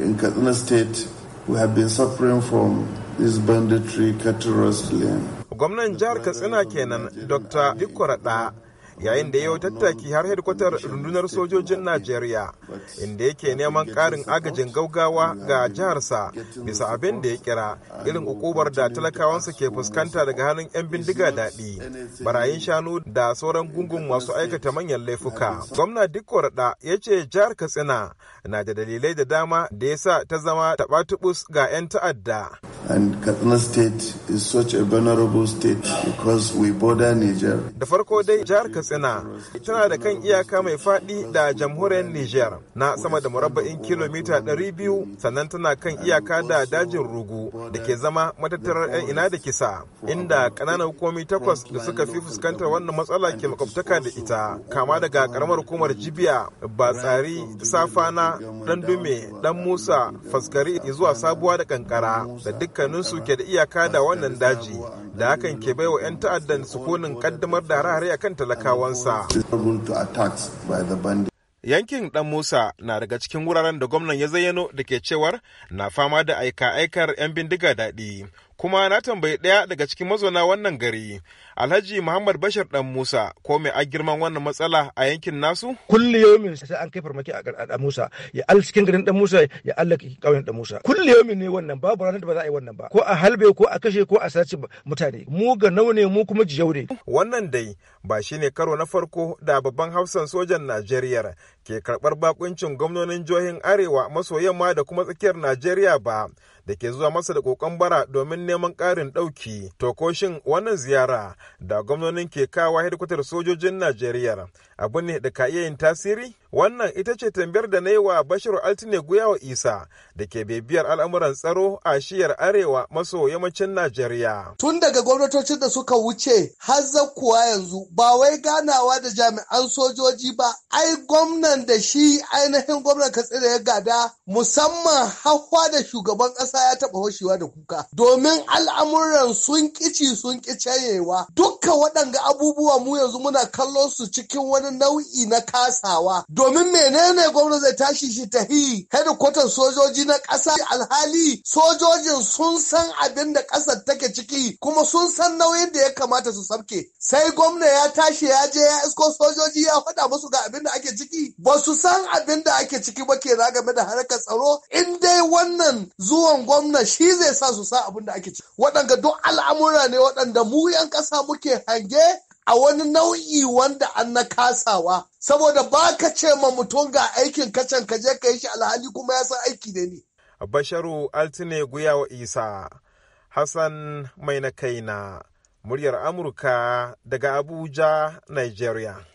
in Katsina State, we have been suffering from this banditry cattle rustling. Gwamnan jihar Katsina kenan Dr. Dikwarada yayin da ya yi tattaki har hedkwatar rundunar sojojin najeriya inda yake neman ƙarin agajin gaugawa ga jiharsa bisa abin da ya kira irin ukubar da talakawansa ke fuskanta daga hannun 'yan bindiga daɗi barayin shanu da sauran gungun masu aikata manyan laifuka gwamna dikko raɗa ya ce jihar katsina na da dalilai da dama da ya sa ta zama taɓa ga 'yan ta'adda And state is such a vulnerable state because we border Niger. Da farko dai jihar Katsina tana da kan iyaka mai faɗi da jamhuriyar Niger na sama da murabba'in kilomita 200 sannan tana kan iyaka da dajin Rugu da ke zama matattarar 'yan ina da kisa inda ƙananan hukumi takwas da suka fi fuskantar wannan matsala ke makwabtaka da ita kama daga karamar hukumar Jibiya, Batsari, Safana, Dandume, Dan Musa, Faskari zuwa Sabuwa da Kankara da duk su ke da iyaka da wannan daji da hakan ke baiwa 'yan ta'addan sukunin kaddamar da hare-hare a kan talakawansa. Yankin Dan Musa na daga cikin wuraren da gwamnan ya zayyano da ke cewar na fama da aika-aikar 'yan bindiga daɗi kuma na tambayi ɗaya daga cikin mazauna wannan gari alhaji muhammad bashar dan musa ko mai a girman wannan matsala a yankin nasu kulli yomin sai an kai farmaki a dan musa ya al cikin garin dan musa ya allah kauyen dan musa kulli yomin ne wannan babu ranar da ba za a yi wannan ba ko a halbe ko a kashe ko a sace mutane mu ga ne mu kuma jiyau ne wannan dai ba shine karo na farko da babban hausan sojan najeriya ke karɓar bakuncin gwamnonin jihohin arewa maso yamma da kuma tsakiyar najeriya ba da ke zuwa masa da kokon bara domin neman ƙarin ɗauki shin wannan ziyara da gwamnonin ke kawa hedikwatar sojojin najeriya abu ne da ka iya yin tasiri wannan ita ce tambayar da na yi wa bashiru altine guyawa isa da ke bibiyar al'amuran tsaro a shiyar arewa maso yammacin najeriya tun daga gwamnatocin da suka wuce har zakuwa yanzu ba wai ganawa da jami'an sojoji ba ai gwamna da shi ainihin gwamnan katsina ya gada musamman hawa da shugaban kasa ya taba hoshewa da kuka domin al'amuran sun kici sun ƙi dukkan waɗanga abubuwa mu yanzu muna kallon su cikin wani nau'i na kasawa domin menene gwamna zai tashi shi ta tahi hedikwatar sojoji na ƙasa alhali sojojin sun san abin da ƙasar take ciki kuma sun san nauyin da ya kamata su sabke sai gwamna ya tashi ya je ya isko sojoji ya faɗa musu ga abin da ake ciki ba su san abin da ake ciki ba kenan game da harkar tsaro in dai wannan zuwan gwamna shi zai sa su sa abin da ake ciki waɗanda duk al'amura ne waɗanda mu 'yan ƙasa muke hange a wani nau'i wanda an na kasawa saboda ba ka ce ma mutum ga aikin kacan ka je ka yi shi alhali kuma ya san aiki ne ne. Basharu Altine guya wa Isa Hassan Mai na kaina muryar Amurka daga Abuja, Nigeria.